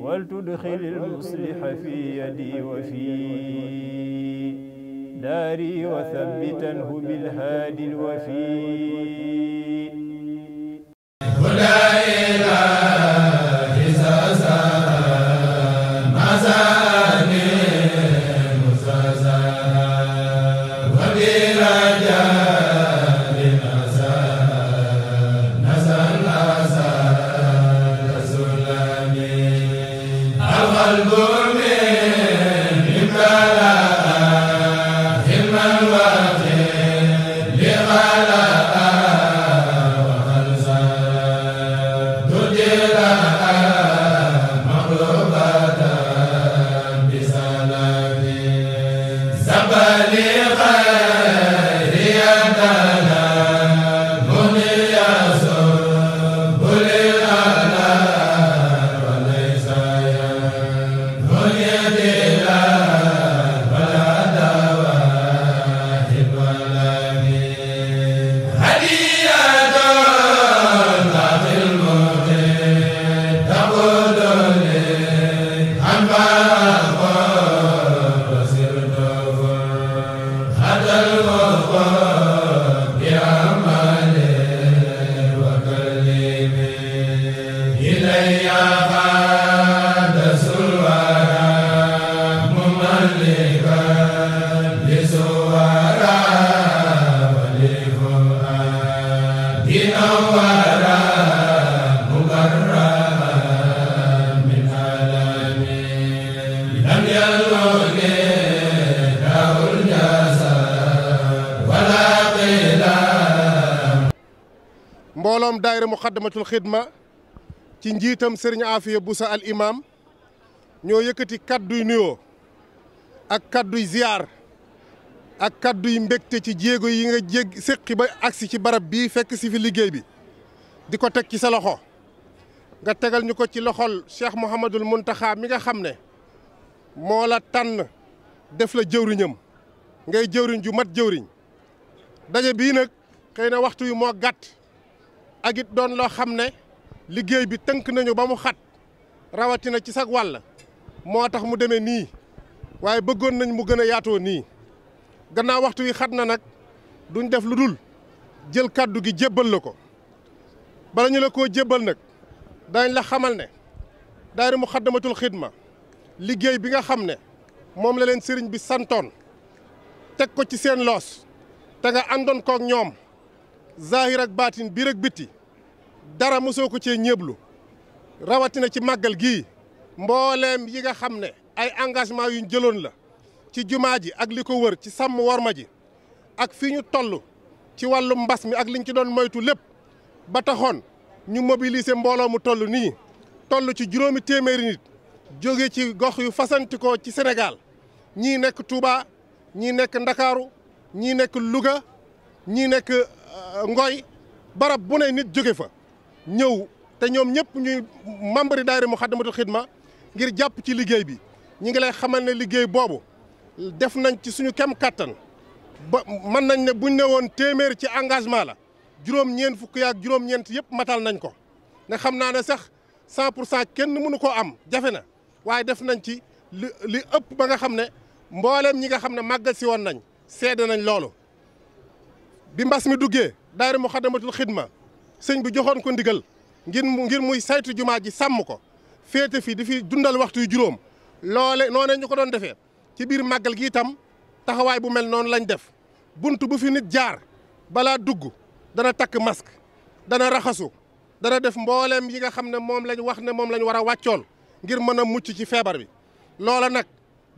ولتدخل المصلح في يدي وفي داري وثبتنه بالهادي الوفي ولا إله إلا أنت wa mbooloom daayira muqaddamatul xidma ci njiitam sëriñ Afiya Busa al imaam ñoo yëkkati kadduy nuyoo ak kadduy ziyaar ak kadduy mbégte ci jéego yi nga jég séqi ba agsi ci barab bii fekk si fi liggéey bi di ko teg ci sa loxo nga tegal ñu ko ci loxol Cheikh Mouhamadul Muntaxa mi nga xam ne moo la tànn def la jëwriñam ngay jëwriñ ju mat jëwriñ daje bii nag xëy na waxtu wi moo gàtt ak it doon loo xam ne liggéey bi tënk nañu ba mu xat rawatina ci sag wàll moo tax mu demee nii waaye bëggoon nañ mu gën a yaatoo nii gannaaw waxtu wi xat na nag duñ def lu dul jël kàddu gi jébbal la ko bala ñu la koo jébbal nag dañ la xamal ne daayira Muxaddamatul Xidma liggéey bi nga xam ne moom la leen sëriñ bi santoon teg ko ci seen loos te nga àndoon kook ñoom zahir ak baatin biir ak bitti dara mosoo ko cee ñëblu rawatina ci màggal gii mbooleem yi nga xam ne ay engagement yuñ jëloon la ci jumaa ji ak li ko wër ci sàmm worma ji ak fi ñu toll ci wàllu mbas mi ak liñ ci doon moytu lépp ba taxoon ñu mobiliser mbooloo mu toll nii toll ci juróomi téeméeri jóge ci gox yu fasantikoo ci Sénégal ñii nekk Touba ñii nekk Ndakaaru ñii nekk Louga ñii nekk Euh, Ngoy barab bu ne nit jóge fa ñëw te ñoom ñëpp ñuy membre daayira Muxaddamatul Xidma ngir jàpp ci liggéey bi ñu ngi lay xamal ne liggéey boobu def nañ ci suñu kem kàttan ba mën nañ ne buñ ne woon téeméer ci engagement la juróom-ñeent fukk yaak juróom-ñeent yëpp matal nañ ko ne xam naa ne sax cent pour cent kenn mënu ko am jafe na waaye def nañ ci li li ëpp ba nga xam ne mboolem ñi nga xam ne màggal si woon nañ seede nañ loolu bi mbas mi duggee daayira mu xadamatul xidma sëñ bi joxoon ko ndigal ngir muy saytu jumaa ji sàmm ko féete fii di fi dundal waxtu yu juróom loole noonee ñu ko doon defee ci biir màggal gi itam taxawaay bu mel noonu lañu def bunt bu fi nit jaar balaa dugg dana takk masque dana raxasu dana def mbooleem yi nga xam ne moom lañ wax ne moom lañ war a wàccoon ngir mën a mucc ci feebar bi loola nag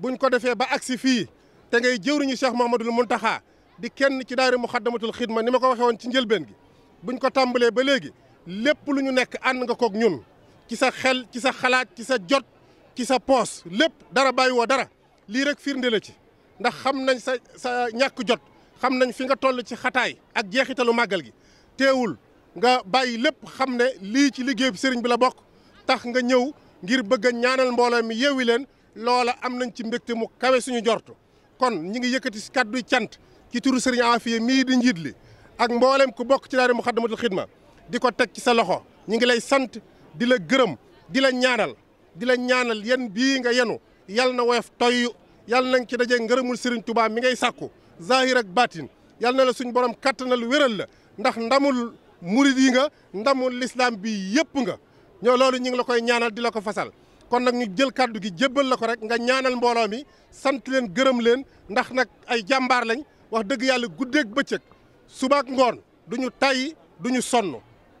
buñ ko defee ba agsi fii te ngay jëwriñu Cheikh Mouhamadoul Mountakha di kenn ci daayira Muxaddamatul Xidma ni ma ko waxee woon ci njëlbeen gi ñu ko tàmbalee ba léegi lépp lu ñu nekk ànd nga kook ñun ci sa xel ci sa xalaat ci sa jot ci sa poos lépp dara bàyyi woo dara lii rek firnde la ci ndax xam nañ sa sa ñàkk jot xam nañ fi nga toll ci xataay ak jeexitalu màggal gi teewul nga bàyyi lépp xam ne lii ci liggéey bi sëriñ bi la bokk tax nga ñëw ngir bëgg ñaanal mbooloo mi yeewi leen loola am nañ ci mbégte mu kawe suñu jortu kon ñi ngi yëkkati si kàdduy cant ci turu sëriñ Afia mii di njiit li ak mbooleem ku bokk ci daara Muxaddamatul Xidma di ko teg ci sa loxo ñu ngi lay sant di la gërëm di la ñaanal di la ñaanal yan bii nga yenu yal na woyof toyyu yal na nga ci dajee ngërëmul sëriñ Tuubaa mi ngay sàkku zahir ak baatin yal na la suñ borom kattanal wéral la ndax ndamul murid yi nga ndamul lislaam bi yëpp nga ñoo loolu ñu ngi la koy ñaanal di la ko fasal kon nag ñu jël kàddu gi jébbal la ko rek nga ñaanal mbooloo mi sant leen gërëm leen ndax nag ay jàmbaar lañ wax dëgg yàlla guddeeg bëccëg subaak ngoon duñu tayyi duñu sonn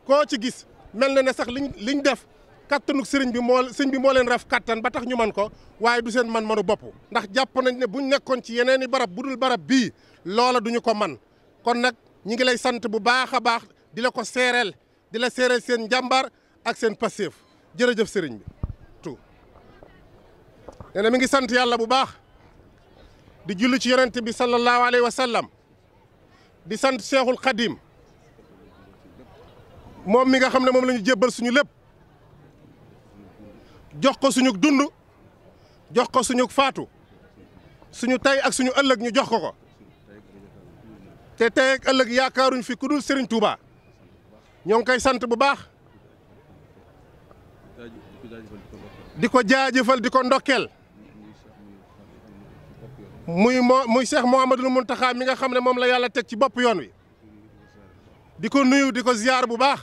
koo ci gis mel na ne sax liñ liñ def kattanu sëriñ bi moo sëñ bi moo leen raf kattan ba tax ñu man ko waaye du seen man-manu bopp ndax jàpp nañ ne bu ñu nekkoon ci yeneen i barab bu dul barab bii loola duñu ko man kon nag ñi ngi lay sant bu baax a baax di la ko seereel di la seereel seen njàmbaar ak seen passeef jërëjëf sëriñ bi tout nee mi ngi sant yàlla bu baax di julli ci yonent bi sallallahu alayhi wa sallam di sant Cheikhul Khadim moom mi nga xam ne moom lañu ñu jébbal suñu lépp jox ko suñu dund jox ko suñu faatu suñu tay ak suñu ëllëg ñu jox ko ko te tay ëllëg yaakaaruñ fi ku dul Serigne Touba ñoo ngi koy sant bu baax di ko jaajëfal di ko ndokkeel muy moo muy Cheikh Mouhamadoul taxaam mi nga xam ne moom la yàlla teg ci bopp yoon wi di ko nuyu di ko ziyaar bu baax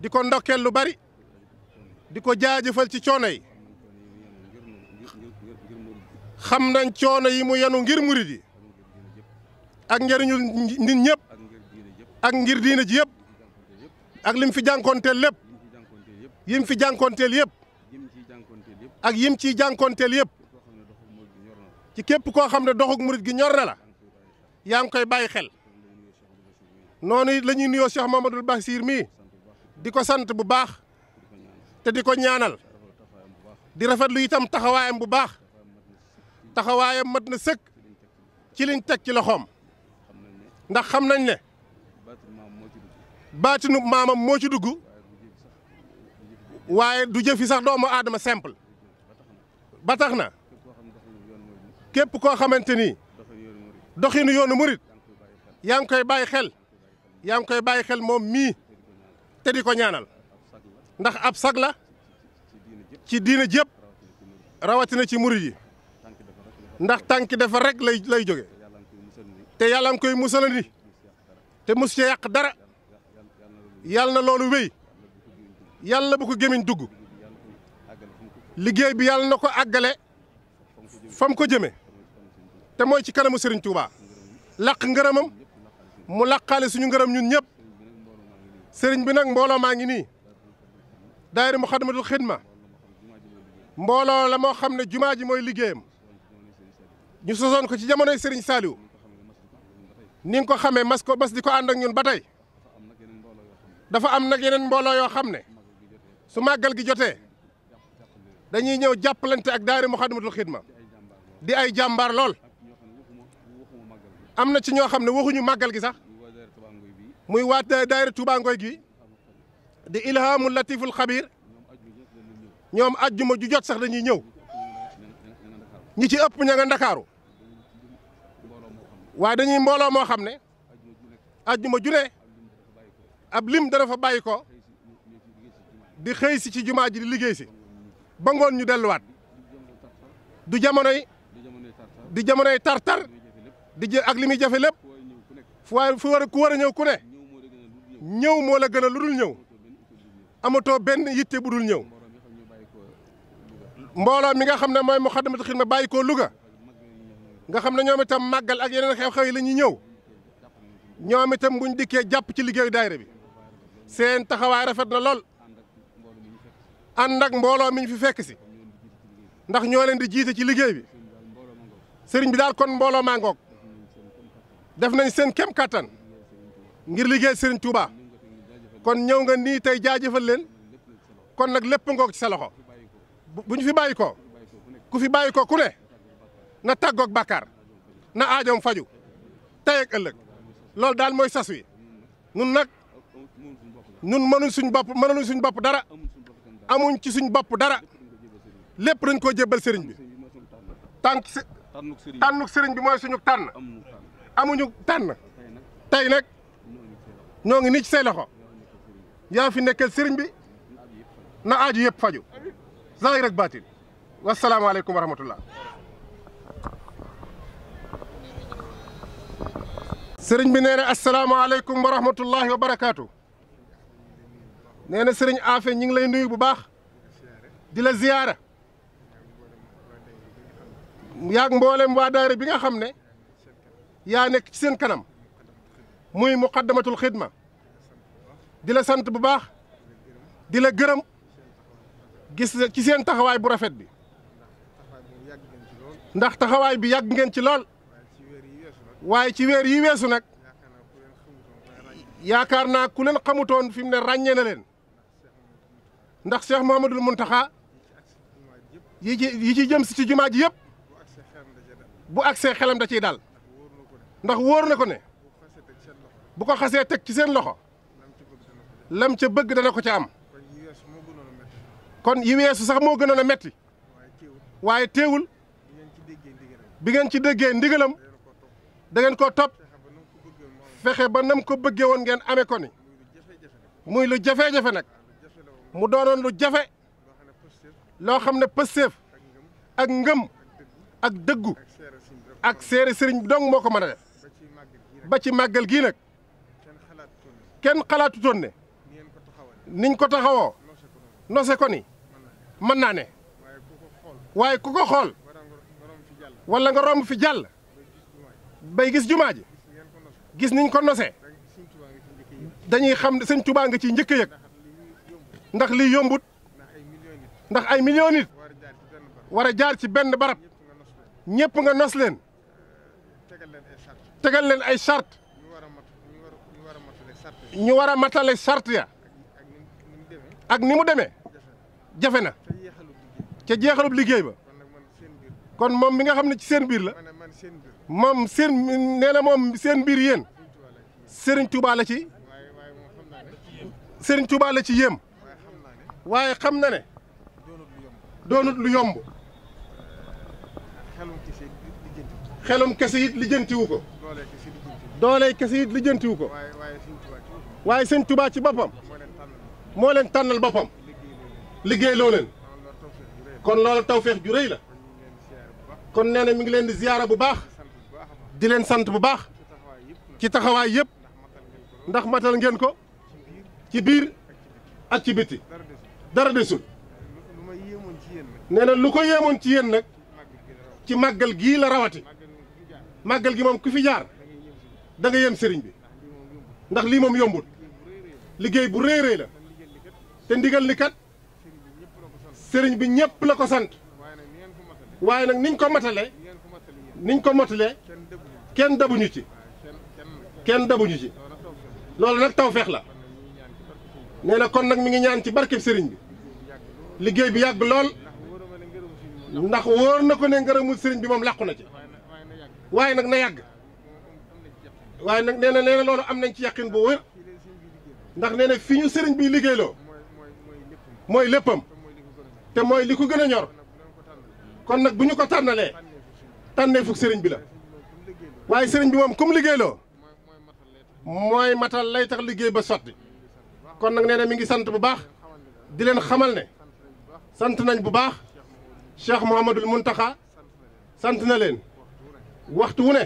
di ko ndokkeel lu bari di ko jaajëfal ci coono yi xam nañ coono yi mu yenu ngir murid yi ak njëriñu nit ñëpp ak ngir diina ji yëpp ak lim fi jànkoonteel lépp yim fi jànkoonteel yëpp ak yim ciy jànkoonteel yëpp képp koo xam ne doxuk murit gi ñor na la yaa ngi koy bàyyi xel noonu it la ñuy nuyoo Cheikh Mamadou siir mii di ko sant bu baax te di ko ñaanal di rafet lu itam taxawaayam bu baax taxawaayam mat na sëkk ci liñ teg ci loxoom ndax xam nañ ne baatinu maamam moo ci dugg waaye du jëfi sax doomu aadama simple ba na képp koo xamante ni doxinu yoonu murit yaa ngi koy bàyyi xel yaa ngi koy bàyyi xel moom mii te di ko ñaanal ndax ab sag la ci diina jëpp rawatina ci murit yi ndax tànki dafa rek lay lay jóge te yàlla ngi koy musalandi te mus ci yàq dara yàlla na loolu wéy yàlla bu ko gémiñ dugg liggéey bi yàlla na ko àggale fam ko jëme te mooy ci kanamu Serigne Touba laq ngërëmam mu laqaale suñu ngërëm ñun ñëpp sëriñ bi nag mbooloo maa ngi nii daayira Muxaddamatul Xidma mbooloo la moo xam ne jumaa ji mooy liggéeyam ñu sosoon ko ci jamonoy Serigne Saliou ni nga ko xamee mas ko mas di ko ànd ak ñun ba tey dafa am nag yeneen mbooloo yoo xam ne su màggal gi jotee dañuy ñëw jàppalante ak daayira Muxaddamatul Xidma di ay jàmbaar lool. am na ci ñoo xam ne waxuñu màggal gi sax muy waa daayira Touba Ngoy gi di ilhaamul latiful xabiir ñoom ajjuma ju jot sax dañuy ñëw ñi ci ëpp ña nga ndakaaru waaye dañuy mbooloo moo xam ne ajjuma ju ne ab lim dana fa bàyyi ko di xëy si ci jumaa ji di liggéey si ba ngoon ñu delluwaat du jamonoy di jamonoy tartar di jël ak li muy jafe lépp fu waay fu war a ku ñëw ku ne ñëw moo la gën a lu dul ñëw amatoo benn yitte bu dul ñëw mbooloo mi nga xam ne mooy Moukhaddamatoul Khidma bàyyi koo luga nga xam ne ñoom itam màggal ak yeneen xew-xew yi la ñuy ñëw ñoom buñ dikkee jàpp ci liggéey daayira bi seen taxawaay rafet na lool ànd ak mbooloo mi ñu fi fekk si ndax ñoo leen di jiite ci liggéey bi sëriñ bi daal kon mbooloo maa ngoog def nañ seen kem kattan ngir liggéey Serigne Touba kon ñëw nga nii tey jaajëfal leen kon nag lépp ngoog ci sa bu ñu fi bàyyi ko ku fi bàyyi ko ku ne na tàggoog bàkkaar na aajoom faju tey ëllëg loolu daal mooy sas wi nun nag nun mënuñ suñ bopp mënuñ suñ bopp dara amuñ ci suñ bopp dara lépp dañ koo jébbal sëriñ bi tànk tànnuk sëriñ bi mooy suñu tànn amuñu tànn tey nag ñoo ngi ni ci say loxo yaa fi nekkal sëriñ bi na aaju yëpp faju zahir ak baatin wasalaamaaleykum wa rahmatullah sëriñ bi nee na asalaamaaleykum wa rahmatullahi wa barakaatu nee na sëriñ Afe ngi lay nuyu bu baax di la ziyaara yaag mboolem waa daara bi nga xam ne yaa nekk ci seen kanam muy muqaddamatul xidma di la sant bu baax di la gërëm gis ci seen taxawaay bu rafet bi ndax taxawaay bi yàgg ngeen ci lool waaye ci weer yi weesu nag yaakaar naa ku leen xamutoon fi mu ne ràññee na leen ndax Cheikh Mouhamadoul Mountakha yi ci yi ci jëm ci jumaa ji yëpp bu agsee xelam da ciy dal ndax wóor na ko ne bu ko xasee teg ci seen loxo lam ca bëgg dana ko ca am kon yi weesu sax moo gënoon a metti waaye teewul bi ngeen ci déggee ndigalam da ngeen koo topp fexe ba nam ko bëggee woon ngeen amee ko ni muy lu jafe-jafe nag mu doonoon lu jafe loo xam ne pësteef ak ngëm ak dëggu ak seere sëriñ bi dong moo ko mën a def ba ci màggal gii nag kenn xalaatutoon ne niñ ko taxawoo nose ko ni mën naa ne waaye ku ko xool wala nga romb fi jàll bay gis jumaa gis niñ ko nose dañuy xam ne sëñ Tuubaa nga ciy njëkk ndax lii yombut ndax ay million nit war a jaar ci benn barab ñëpp nga nos leen tegal leen ay charte ñu war a matale charte ya ak ni mu demee jafe na ca jeexalub liggéey ba kon moom mi nga xam ne ci seen biir la moom seen nee na moom seen biir yéen Serigne Touba la ci Serigne Touba la ci yéem waaye xam na ne doonut lu yomb xelum kese it lijjantiwu ko doole kese it lijjantiwu ko waaye sëñ Tuubaa ci boppam moo leen tànnal boppam liggéey loo leen kon loolu tawfeex ju rëy la kon nee na mi ngi leen di ziyaara bu baax di leen sant bu baax ci taxawaay yëpp ndax matal ngeen ko ci biir ak ci bitti dara desul nee na lu ko yéemoon ci yéen nag ci màggal gii la rawati màggal gi moom ku fi jaar da nga yem sëriñ bi ndax lii moom yombul liggéey bu rëy rëy la te ndigal li kat sëriñ bi ñëpp la ko sant waaye nag niñ ko matale niñ ko motalee kenn dabuñu ci kenn dabuñu ci loolu nag tawfeex la nee na kon nag mi ngi ñaan ci barkeb sëriñ bi liggéey bi yàgg lool ndax wóor na ko ne ngërëmu sëriñ bi moom làqu na ci waaye nag na yàgg waaye nag nee na nee loolu am nañ ci yàqin bu wér ndax nee na fii ñu sëriñ bi liggéeyloo mooy léppam te mooy li ko gën a ñor kon nag bu ñu ko tànnalee tànnee fukk sëriñ bi la waaye sëriñ bi moom comme liggéeyloo mooy matal lay tax liggéey ba sotti kon nag nee mi ngi sant bu baax di leen xamal ne sant nañ bu baax Cheikh Mouhamadoul taxa sant na leen waxtu wu ne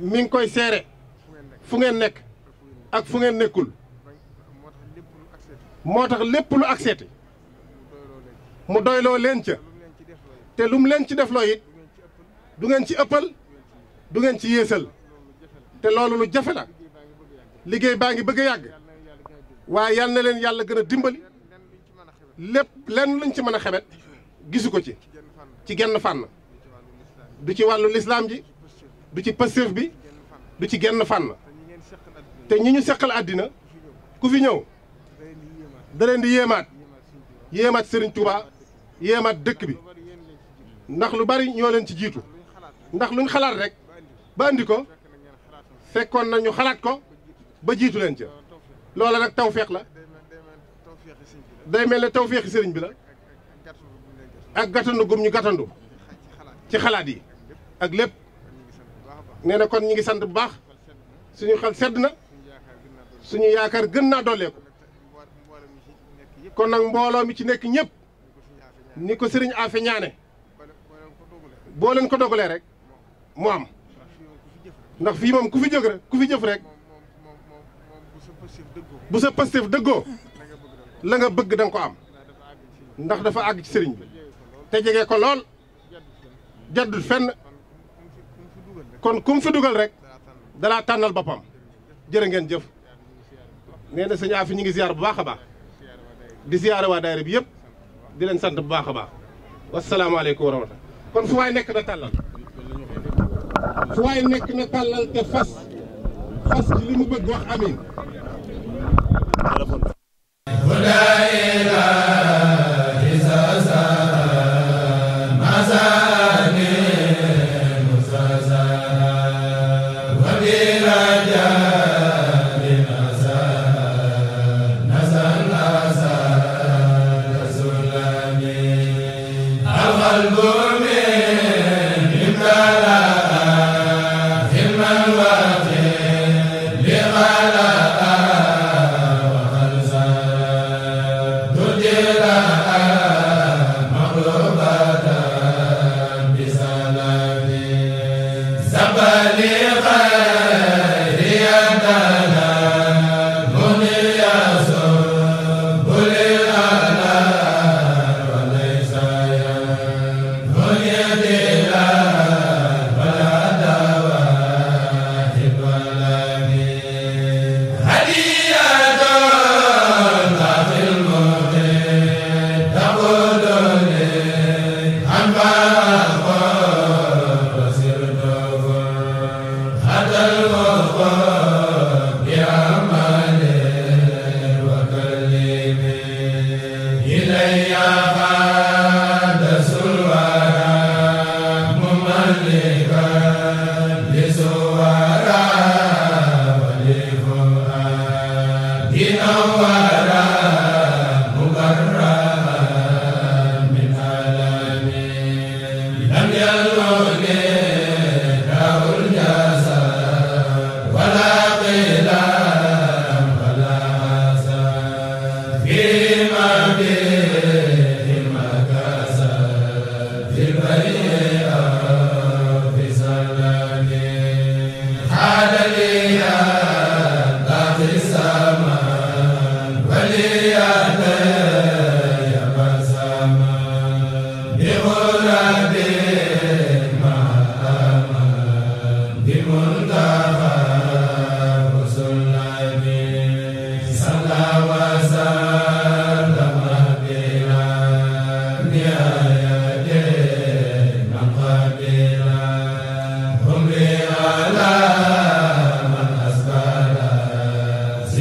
mi ngi koy seere fu ngeen nekk ak fu ngeen nekkul moo tax lépp lu accepté mu doyloo leen ca te lu mu leen ci def it du ngeen ci ëppal du ngeen ci yéesal te loolu lu jafe la liggéey baa ngi bëgg a yàgg waaye yal na leen yàlla gën a dimbali lépp lenn luñ ci mën a xebet gisu ko ci ci genn fànn du ci wàllu lislaam ji du ci Pastef bi du ci genn fànn te ñi ñu seqal àddina ku fi ñëw da leen di yéemaat yéemaat Serigne Touba yéemaat dëkk bi ndax lu bari ñoo leen ci jiitu ndax luñ xalaat rek ba andi ko fekkoon na ñu xalaat ko ba jiitu leen ca loola nag tawféex la day mel ne tawféexi sëriñ bi la ak gàttandu gum ñu gàttandu ci xalaat yi. ak lépp nee na kon ñi ngi sant bu baax suñu xel sedd na suñu yaakaar gën naa dooleeku kon nag mbooloo mi ci nekk ñépp ni ko sëriñ Afe ñaane boo leen ko dogalee rek mu am ndax fii moom ku fi jóg rek ku fi jëf rekk bu sa Pastef dëggoo la nga bëgg da ko am ndax dafa àgg ci sëriñ bi te jege ko lool jaddul fenn kon ku mu fi dugal rek dalaa tànnal boppam jërë ngeen jëf nee na sëñ Afi ñu ngi ziar bu baax a baax di ziar waa daayira bi yëpp di leen sant bu baax a baax wasalaamaaleykum wa rahmatulah kon fu waay nekk na tàllal fu waay nekk na tàllal te fas fas li mu bëgg wax amiin ale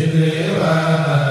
Sidri wa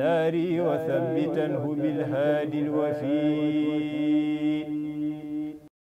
داري وثبتا بالهادي الوفي